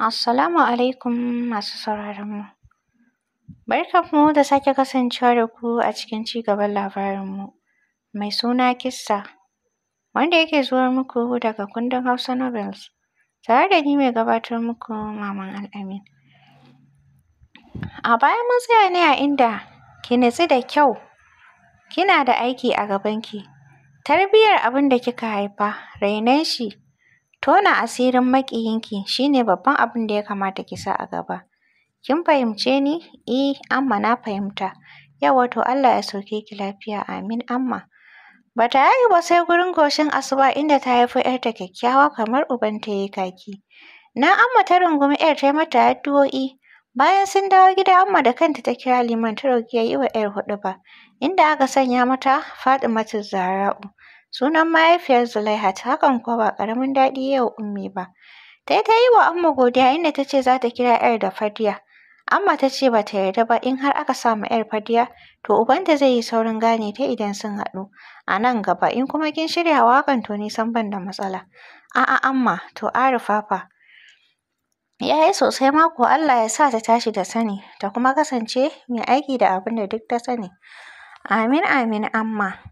Assalamu alaikum masu sauraron mu. Barkan mu da sake kasancewa da ku a cikin cigaban labarin mu mai suna kissa wanda yake zuwa muku daga kundin Hausa Novels tare da ni mai gabatar muku Maman Al'amin. A baya mun tsaya ne a inda ki nutsu da kyau kina da aiki a gaban ki, tarbiyyar abin da kika haifa rainon shi Tona asirin maƙiyinki shine babban abin da ya kamata ki sa a gaba. Kin fahimce ni? Eh, amma na fahimta. Yau wato Allah ya sauke ki lafiya. Amin amma. Ba ta haihu ba sai gurin goshin asuba inda ta haifo 'yarta kyakkyawa kamar uban ta yi kaki. Na amma ta rungumi 'yar ta yi mata addu'o'i. Bayan sun dawo gida amma da kanta ta kira liman ta roƙi ya yi wa 'yar ba, inda aka sanya mata Fatimatus zara'u. Sunan mahaifiyar Zulaihat, hakan kuwa ba ƙaramin daɗi yau ummi ba. Ta yi ta yi wa Amma godiya inda ta ce za ta kira 'yar da Fadiya. Amma ta ce ba ta yarda ba in har aka samu 'yar Fadiya, to ubanta zai yi saurin gane ta idan sun haɗu. A nan gaba in kuma kin shirya wa hakan to nisan ban da matsala. A'a Amma, to Arifa fa. Ya yi sosai ma ko Allah ya sa ta tashi da sani, ta kuma kasance mai aiki da abin da duk ta sani. Amin amin Amma.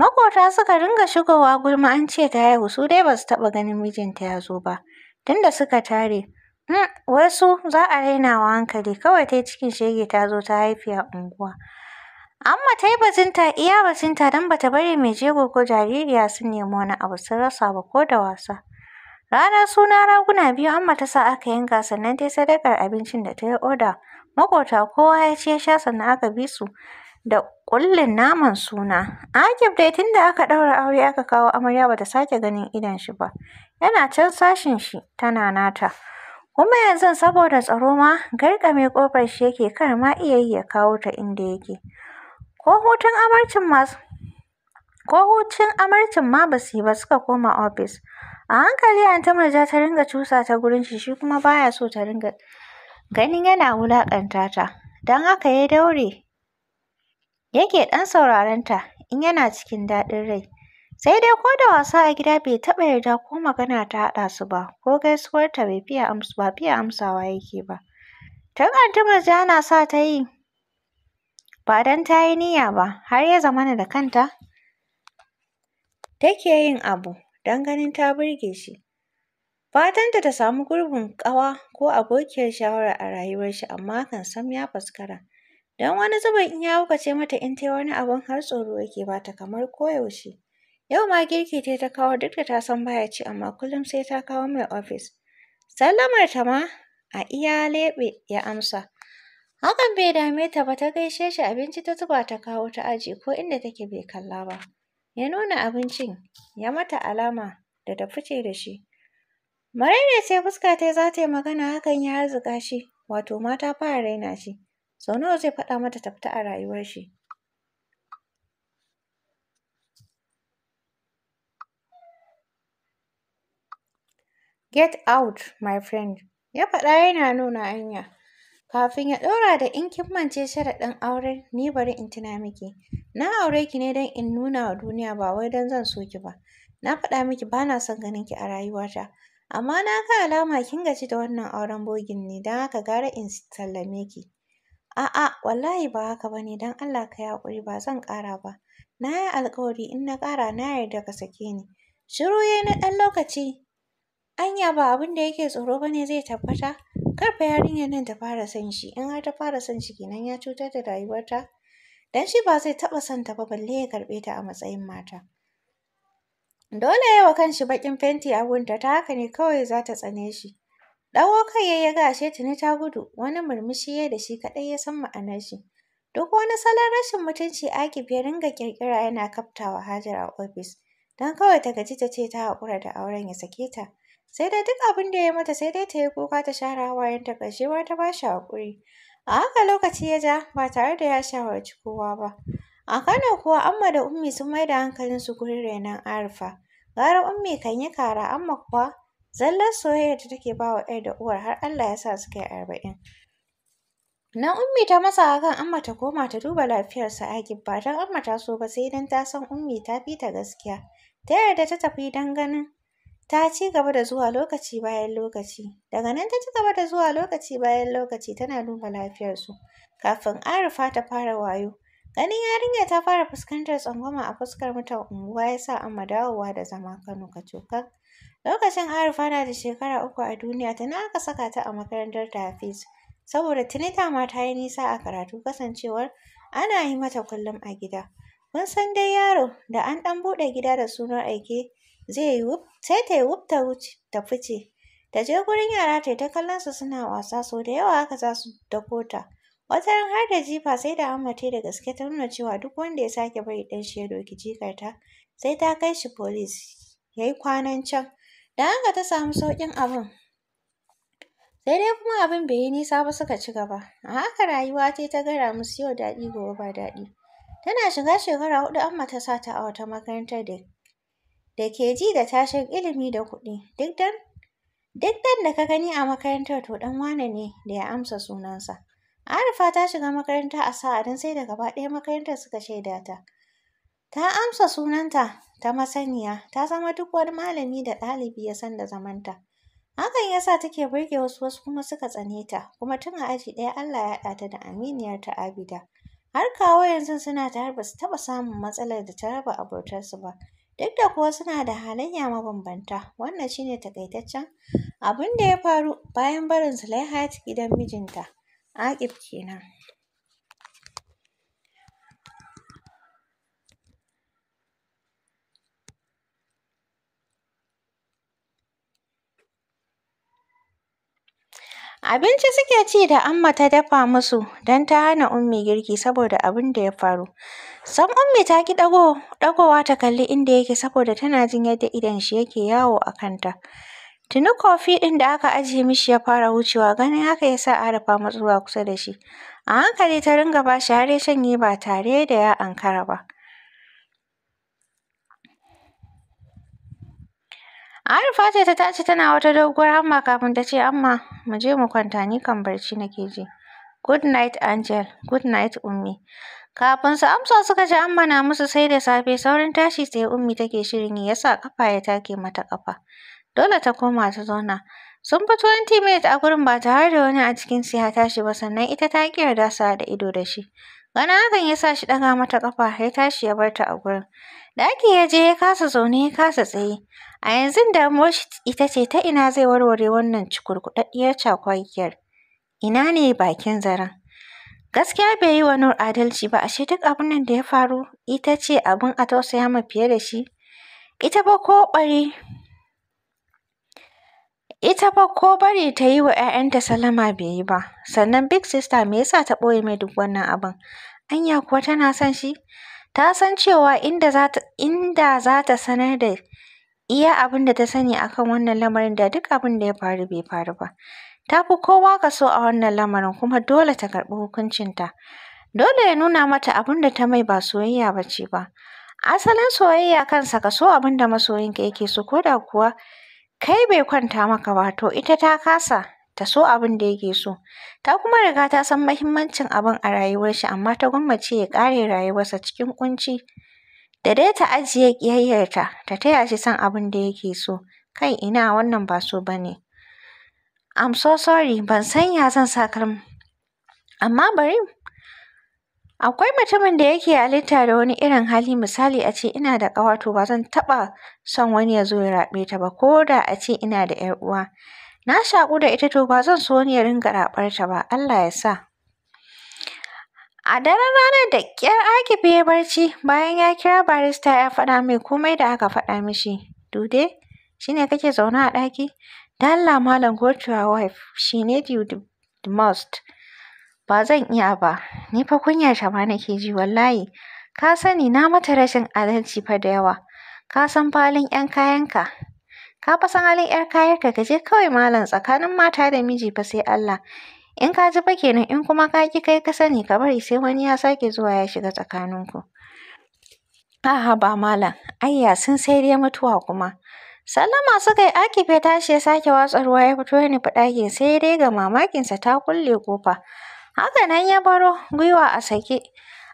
Maƙota suka ringa shigowa gulma an ce ta haihu su dai ba su taɓa ganin mijinta ya zo ba, tunda suka tare. Mm, wai su za a rainawa hankali kawai ta yi cikin shege ta zo ta haifi a unguwa. Amma ta yi iya bajinta don ba ta bari mai jego ko jaririya sun nemi wani abu sun rasa ba ko da wasa. Ranar suna raguna biyu Amma ta sa aka yanka sannan ta yi sadakar abincin da ta yi oda. Maƙota kowa ya ci ya sha sannan aka bi su da ƙullin naman suna. Akif dai tun da aka ɗaura aure aka kawo amarya bata sake ganin idon shi ba. Yana can sashin shi tana nata. Kuma yanzu saboda tsaro ma garkame ƙofar shi yake kar ma iya yi ya kawo ta inda yake. Ko hutun amarcin ma ko ba su yi ba suka koma ofis. A hankali Anti Murja ta ringa cusa ta gurin shi shi kuma baya so ta ringa ganin yana wulaƙanta ta. Don haka ya daure yake ɗan sauraron ta in yana cikin daɗin rai. Sai dai ko da wasa a gida bai taɓa yarda ko magana ta haɗa su ba ko gaisuwar ta bai fiye ba fiya amsawa yake ba. Tun Anti na sa ta yi ba don ta yi niyya ba har ya zamana da kanta take yin abu don ganin ta burge shi. Fatanta ta samu gurbin ƙawa ko abokiyar shawara a rayuwar shi amma kan sam ya faskara. Don wani zubin in ya ce mata in ta wani abun har tsoro yake bata kamar koyaushe. Yau ma girki ta ta kawo duk da ta san baya ci amma kullum sai ta kawo mai ofis. Sallamar ta ma a iya leɓe ya amsa. Hakan bai dame ta ba ta gaishe shi abinci ta zuba ta kawo ta aji ko inda take bai kalla ba. Ya nuna abincin ya mata alama da ta fice da shi. Maraina sai fuska ta za ta yi magana hakan ya harzuka shi wato mata fara raina shi. Sau nawa zai faɗa mata ta fita a rayuwar shi? Get out, my friend. Ya faɗa yana nuna hanya. Kafin ya ɗaura da in kin mance sharaɗin auren ni bari in tuna miki. Na aure ki ne don in nuna wa duniya ba wai don zan so ki ba. Na faɗa miki ba na son ganin ki a rayuwata. Amma na ga alama kin gaji da wannan auren bogin ne don haka gara in sallame ki. A'a wallahi ba haka ba ne don Allah ka ya ba zan ƙara ba. Na yi alƙawari in na ƙara na yarda ka sake ni. Shiru ya na ɗan lokaci. Anya ba abin da yake tsoro ba ne zai tabbata? Kar fa yarinyar nan ta fara son shi in har ta fara son shi kenan ya cutar da rayuwarta. Dan shi ba zai taɓa son ta ba balle ya karɓe ta a matsayin mata. Dole ya wa shi baƙin fenti a gunta ta haka ne kawai za ta tsane shi. dawo kai ya yi ga ashe ne ta gudu, wani murmushi ya da shi kaɗai ya san ma'anar shi. Duk wani salon rashin mutunci Akif ya ringa ƙirƙira yana kaftawa Hajara a ofis, don kawai ta gaji ta ce ta haƙura da auren ya sake ta. Sai dai duk abin da ya yi mata sai dai ta yi kuka ta share hawayenta ƙarshe ma ta ba shi haƙuri. A haka lokaci ya ja ba tare da ya shawarci kowa ba. A Kano kuwa Amma da Ummi sun da mai hankalin su gurin renon Arifa. Gara Ummi kan yi kara Amma kuwa Zallar soyayyar da take ba wa ‘yar da uwar har Allah ya sa suka yi arba'in. Nan Ummi ta matsa kan Amma ta koma ta duba lafiyar sa ba don Amma ta so ba sai don ta san Ummi ta fi ta gaskiya. Ta yarda ta tafi don ganin ta ci gaba da zuwa lokaci bayan lokaci. Daga nan ta ci gaba da zuwa lokaci bayan lokaci tana duba lafiyarsu. Kafin Arifa ta fara wayo, ganin yarinya ta fara fuskantar tsangwama a fuskar mutan unguwa ya sa Amma dawowa da zama Kano kacokan. Lokacin Arifa na da shekara uku a duniya tuni aka saka ta a makarantar ta Tafis saboda tuni ma ta yi nisa a karatu kasancewar ana yi mata kullum a gida. Mun san dai yaro da an ɗan buɗe gida da sunan aike zai yi wuf sai ta yi wuf ta wuce ta fice. Ta je gurin yara ta yi ta kallon su suna wasa sau da yawa haka za su dako ta. ran har da jifa sai da Amma ta da gaske ta nuna cewa duk wanda ya sake bari ɗan shi ya doki jikarta sai ta kai shi "police" ya yi kwanan can. Da haka ta samu sauƙin abin. Sai dai kuma abin bai yi nisa ba suka ci gaba. A haka rayuwa ta ta gara musu yau daɗi gobe ba daɗi. Tana shiga shekara hudu amma ta sa ta a wata makarantar da da ke ji da tashin ilimi da kuɗi. Duk dan da ka gani a makarantar to ɗan wane ne da ya amsa sunansa. Arifa ta shiga makaranta a sa'a don sai da gaba ɗaya makarantar suka shaida ta. Ta amsa sunanta ta masaniya ta zama duk wani malami da ɗalibi ya san da zamanta. Hakan ya sa take burge wasu wasu kuma suka tsane ta, kuma tun a aji ɗaya Allah ya haɗa ta da aminiyar ta Abida. Har kawo yanzu suna ta ba su taɓa samun matsalar da ta raba abotarsu ba. Duk da kuwa suna da halayya mabambanta, wannan shine taƙaitaccen abin da ya faru bayan barin Zulaihat gidan mijinta, Aƙib kenan. Abinci suke ci da Amma ta dafa musu don ta hana Ummi girki saboda abin da ya faru. Sam Ummi ta ki ɗagowa ta kalli inda yake saboda tana jin yadda idan shi yake yawo a kanta. Tuni kofi ɗin da aka ajiye mishi ya fara wucewa ganin haka ya sa Arafa matsuwa kusa da shi. A hankali ta ringa ba shi har ya shanye ba tare da ya ankara ba. Arifa ce ta tashi tana wata doguwar hamma kafin ta ce amma mu je mu kwanta ni kan barci nake ji. Good night Angel, good night Ummi. Kafin su amsa suka ji amma na musu sai da safe saurin tashi sai Ummi take shirin yi yasa kafa ya take mata kafa. Dole ta koma ta zauna. Sun fi 20 minutes a gurin ba tare da wani a cikin siya tashi ba sannan ita ta ƙi yarda su da ido da shi. Gana hakan ya sa shi ɗaga mata kafa, ya tashi ya bar ta a gurin. Ɗaki ya je ya kasa zaune ya kasa tsaye. A yanzu da shi ita ce ta ina zai warware wannan cukurkuɗaɗɗiyar cakwakiyar. Ina ne bakin zaren? Gaskiya bai yi wa Nur adalci ba, ashe duk abin nan da ya faru ita ce abin a tausaya ma fiye da shi. Ita fa ko ɓari ita fa ko bari ta yi wa 'ya'yanta Salama bai yi ba. Sannan Big Sister me yasa ta ɓoye mai duk wannan abin? Anya kuwa tana son shi? Ta san cewa inda za ta sanar da iya abin da ta sani akan wannan lamarin da duk abin da ya faru bai faru ba ta fi kowa kaso a wannan lamarin kuma dole ta karɓi hukuncinta dole ya nuna mata abin da ta mai ba soyayya ba ce ba asalin soyayya kansa kaso abin da masoyinka yake so ko da kuwa kai bai kwanta maka ba to ita ta kasa ta so abin da yake so ta kuma riga ta san mahimmancin abin a rayuwar shi amma ta gwammace ya kare rayuwarsa cikin ƙunci da dai ta ajiye ƙiyayyarta ta taya shi son abin da yake so kai ina wannan ba so ba ne i'm so sorry ban san ya zan sa kalm amma bari akwai mutumin da yake halitta da wani irin hali misali a ce ina da ƙawa to ba zan taɓa son wani ya zo ya raɓe ta ba ko da a ce ina da ‘yar uwa na shaƙu da ita to ba zan so wani ya ringa raɓar ta ba Allah ya sa A daren ranar da ƙyar ake ya barci bayan ya kira barista ya faɗa mai komai da aka faɗa mishi. Dude, shi ne kake zaune a ɗaki? Da Allah malam go to your wife, she need you the most. Ba zan iya ba, ni fa kunya na nake ji wallahi. Ka sani na mata rashin adalci fa da yawa. Ka san falin 'yan kayanka. Ka fa san halin 'yar kayanka ka je kawai malam tsakanin mata da miji fa sai Allah. In ka ji kenan in kuma ka ki kai ka sani ka bari sai wani ya sake zuwa ya shiga tsakaninku. A'a ba malam, ayya sun sai dai mutuwa kuma. Salama suka yi Akif ya tashi ya sake watsa ruwa ya fito ya fi sai dai ga mamakinsa ta kulle kofa Haka nan ya baro gwiwa a sake.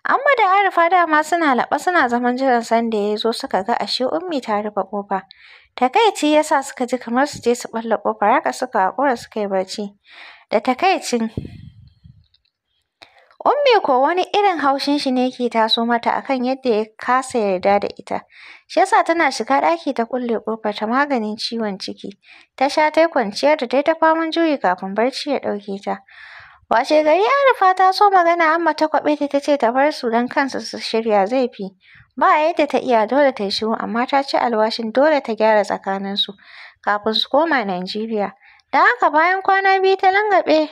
Amma da Arifa dama suna laɓa suna zaman jiran sanda ya zo suka ga ashe Ummi ta rufe ƙofa. Takaici ya sa suka ji kamar su je su ɓalla kofar haka suka haƙura suka yi barci. da takaicin. Ummi ko wani irin haushin shi ne ke taso mata akan yadda ya kasa yarda da ita. Shi yasa tana shiga ɗaki ta kulle ƙofar ta maganin ciwon ciki. Ta sha ta yi kwanciyar da ta yi ta faman juyi kafin barci ya ɗauke ta. Washe gari Arifa ta so magana amma ta kwaɓe ta ta ce ta bar su don kansu su shirya zai fi. Ba yadda ta iya dole ta yi shiru amma ta ci alwashin dole ta gyara tsakaninsu kafin su koma Najeriya. Da haka bayan kwana biyu ta langaɓe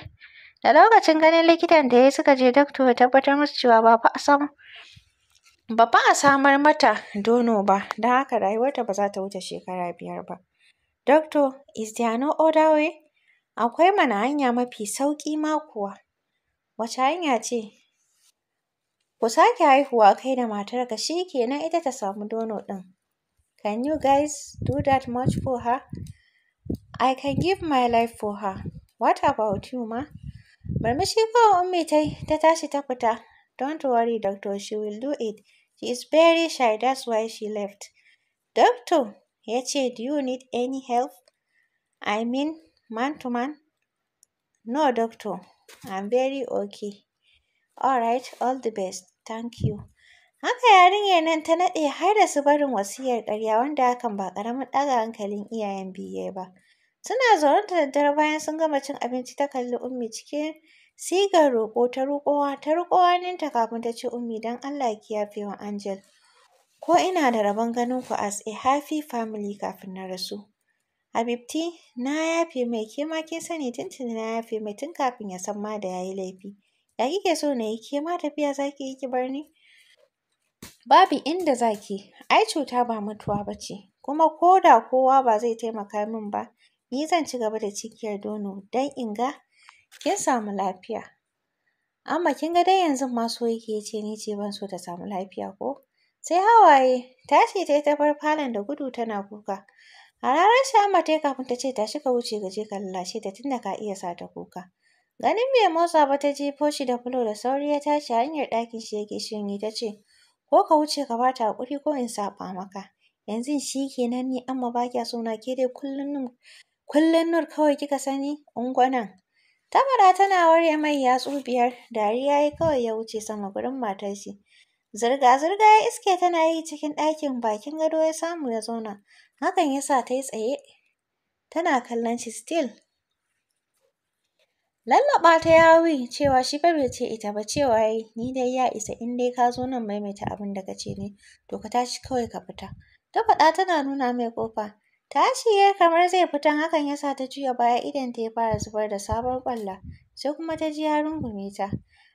da lokacin ganin likitan da ya suka je dakto ya tabbatar musu cewa ba fa a ba a samar mata dono ba don haka rayuwarta ba za ta wuce shekara biyar ba. Dokto, is there no other way? Akwai mana hanya mafi sauƙi ma kuwa. Wace hanya ce? Ku sake haihuwa kai da matar ka, shi kenan ita ta samu dono ɗin. Can you guys do that much for her? I can give my life for her. What about you, ma? Murmushi kawai Ummi ta yi, ta tashi ta fita. Don't worry, doctor, she will do it. She is very shy, that's why she left. Doctor, ya ce, do you need any help? I mean, man to man? No, doctor, I'm very okay. All right, all the best. Thank you. Haka yarinyar nan ta naɗe har da su barin wasiyar ƙarya wanda hakan ba ƙaramin ɗaga hankalin iyayen biye ba. Suna zaune da daddare bayan sun gama cin abinci ta kalli Ummi cike sigar roƙo ta roƙowa ta roƙo ninta kafin ta ce Ummi don Allah ki yafe wa Angel. Ko ina da rabon ganin ku as a happy family kafin na rasu. Habibti na yafe mai ke ma kin sani tuntuni na yafe mai tun kafin ya san ma da yayi laifi. Ya kike so na yi ke ma tafiya za ki yi ki bar ni? Babu inda za ki, ai cuta ba mutuwa ba ce, kuma ko da kowa ba zai taimaka min ba, ni zan ci gaba da cikiyar dono don in ga kin samu lafiya. Amma kin ga dai yanzu ma so yake ya ce ni ce ban so ta samu lafiya ko? Sai hawaye tashi ta yi ta bar falon da gudu tana kuka. Hararar shi Amma ta yi kafin ta ce tashi ka wuce gaje ka lalace ta tunda ka iya sa ta kuka. Ganin bai motsa ba ta jefo shi da fulo da sauri ya tashi hanyar ɗakin shi yake shinyi ta ce ko ka wuce ka ba ta haƙuri ko in saɓa maka. Yanzu shi kenan ni Amma ba kya so na ke dai kullum Kullum Nur kawai kika sani, ungwanan. Tamara tana ware mai yatsu biyar, dariya ya kawai ya wuce sama gurin matar shi. Zirga-zirga ya iske tana yi cikin ɗakin bakin gado ya samu ya zauna. Hakan ya sa ta yi tsaye. Tana kallon shi still. Lallaɓa ta yawi cewa shi fa bai ce ita ba cewa yayi ni dai ya isa in dai ka zo nan maimaita abin da ka ce ne to ka tashi kawai ka fita. Ta faɗa tana nuna mai ƙofa. Tashi ya kamar zai fitan hakan ya sa ta juya baya ta ya fara zubar da sabon kwalla Sai kuma ta ji ya rungume ta.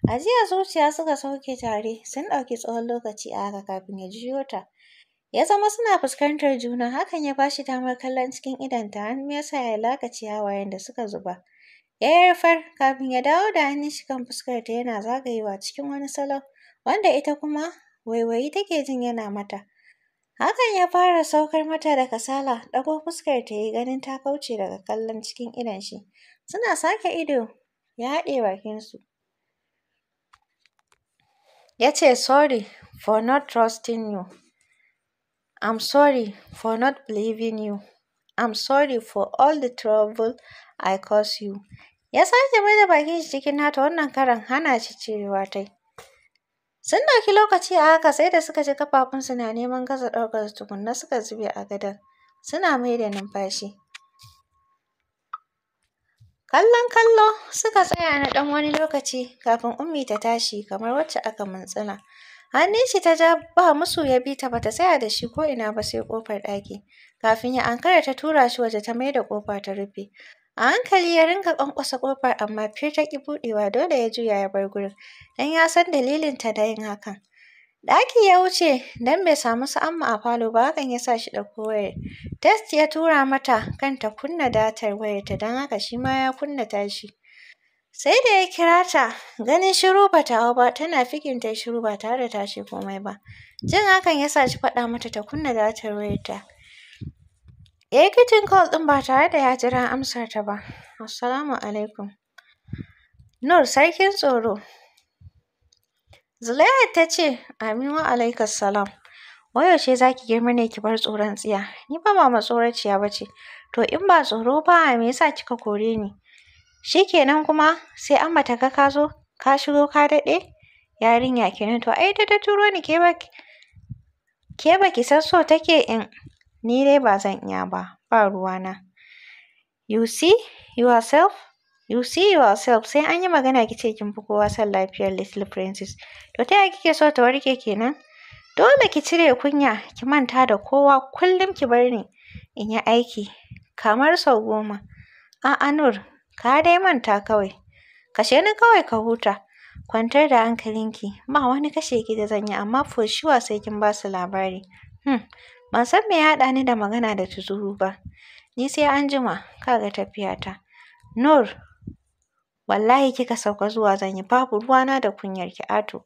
Ajiya zuciya suka sauke tare sun ɗauki tsawon lokaci a haka kafin ya juyo ta. Ya zama suna fuskantar juna hakan ya bashi damar kallon cikin idonta hannu ya sa ya lakace hawayen da suka zuba. Ya yarfar kafin ya dawo da hannun shi kan fuskarta yana zagayewa cikin wani salon wanda ita kuma waiwayi take jin yana mata. Hakan ya fara saukar mata da kasala, ɗago fuskar ta yi ganin ta kauce daga kallon cikin idon shi. Suna sake ido, ya haɗe bakinsu. Ya ce, Sorry for not trusting you. I'm sorry for not believing you. I'm sorry for all the trouble I caused you. Ya sake mai da bakin shi cikin nata wannan karan hana shi cirewa tai. Sun ɗauki lokaci a haka sai da suka ji kafafunsu na neman gaza ɗaukar tukunna suka zube a gadon. Suna mai da numfashi. Kallon kallo suka tsaya na ɗan wani lokaci kafin Ummi ta tashi kamar wacce aka mintsina. Hannun shi ta ja ba musu ya bi ta bata tsaya da shi ko ina ba sai kofar ɗaki. Kafin ya ankara ta tura shi waje ta maida ƙofa ta rufe. A hankali ya ringa ƙwanƙwasa ƙofar amma fir ta ƙi buɗewa dole ya juya ya bar gurin don ya san dalilin ta da yin hakan. Ɗaki ya wuce don bai samu su a falo ba hakan ya sa shi ɗauko wayar. Test ya tura mata kan ta kunna datar wayarta don haka shi ma ya kunna tashi. Sai da ya kira ta ganin shiru ba ta hau ba tana fikin ta shiru ba tare da ta ce komai ba. Jin hakan ya sa shi faɗa mata ta kunna datar wayarta. Ya eh, yi call ɗin ba tare da ya jira amsar ta ba. Assalamu alaikum. Nur sarkin tsoro. Zulaiha ta ce, Amin wa alaikas salam. Wayaushe za ki girma ne ki bar tsoron tsiya? Ni ba ma matsoraciya ba ce. To in ba tsoro ba me yasa kika kore ni? Shi kenan kuma sai an mata ga ka zo ka shigo ka daɗe? Yarinya kenan to ai da ta turo ni ke ba ki san so take in Ni dai ba zan iya ba, ba ruwa na. You see yourself, you see yourself. Sai an yi magana ki ce kin fi kowa son lafiyar Little Princess. To ta yaya kike so ta warke kenan? Dole ki cire kunya, ki manta da kowa, kullum ki bar ni in yi aiki kamar sau goma. A'a Nur, ka dai manta kawai. Kashe ni kawai ka huta. Kwantar da hankalinki, ba wani kashe ki da zan yi amma for sure sai kin ba su labari. Hmm. Ban san me ya haɗa ni da magana da tuzuru ba. Ni sai anjima jima ka ga tafiyata. Nur, wallahi kika sauka zuwa zan yi babu ruwana da kunyar ki ato.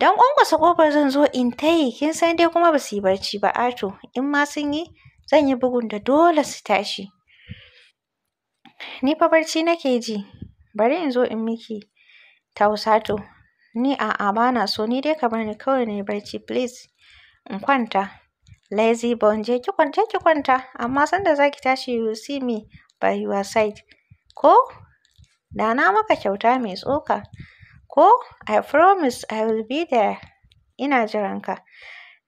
Dan ƙwanƙwasa ƙofar zan zo in tayi kin san dai kuma ba su yi barci ba ato. In ma sun yi zan yi bugun da dole su tashi. Ni fa barci nake ji. Bari in zo in miki to. Ni a'a bana so ni dai ka bar ni kawai na yi barci please in kwanta. Lazy bone, je ki kwanta ki kwanta, amma sanda za ki tashi you see me by your side. Ko? Da na maka kyauta mai tsoka. Ko? I promise I will be there. Ina jiran ka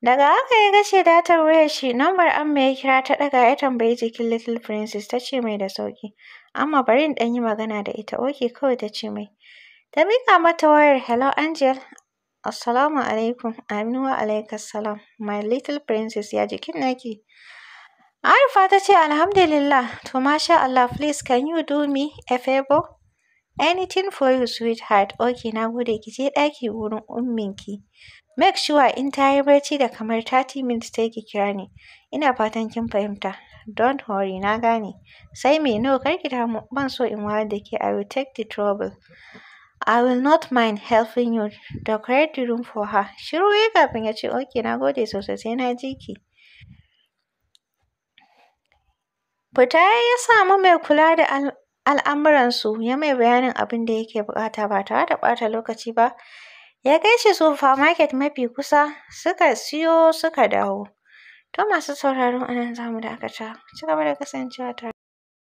Daga haka ya gashe datar wayar shi, lambar Amma ya kira ta ɗaga ya tambayi jikin Little Princess ta ce mai da sauki Amma bari in ɗan yi magana da ita, oke kawai ta ce mai. Ta mika mata wayar, hello Angel, Assalamu alaikum. Aminu wa salam My little princess, ya jikin naki? Arifa ta ce, Alhamdulillah, to masha Allah, please can you do me a favor? Anything for you, sweetheart. Ok, na gode, ki je ɗaki wurin umminki. Make sure in ta yi barci da kamar 30 minutes sai ki kira ni. Ina fatan kin fahimta. Don't worry, na gane. Sai me no, kar ki damu, ban so in wayar da ke, I will take the trouble. I will not mind helping you da create the room for her. Shiru ya kafin ya ce okay na gode sosai sai na ji ki. Fita ya samu mai kula da al'amuransu ya mai bayanin abin da yake bukata ba tare da ɓata lokaci ba. Ya kai shi supermarket mafi kusa suka siyo suka dawo. To masu sauraron a zamu da aka ci gaba da kasancewa tare.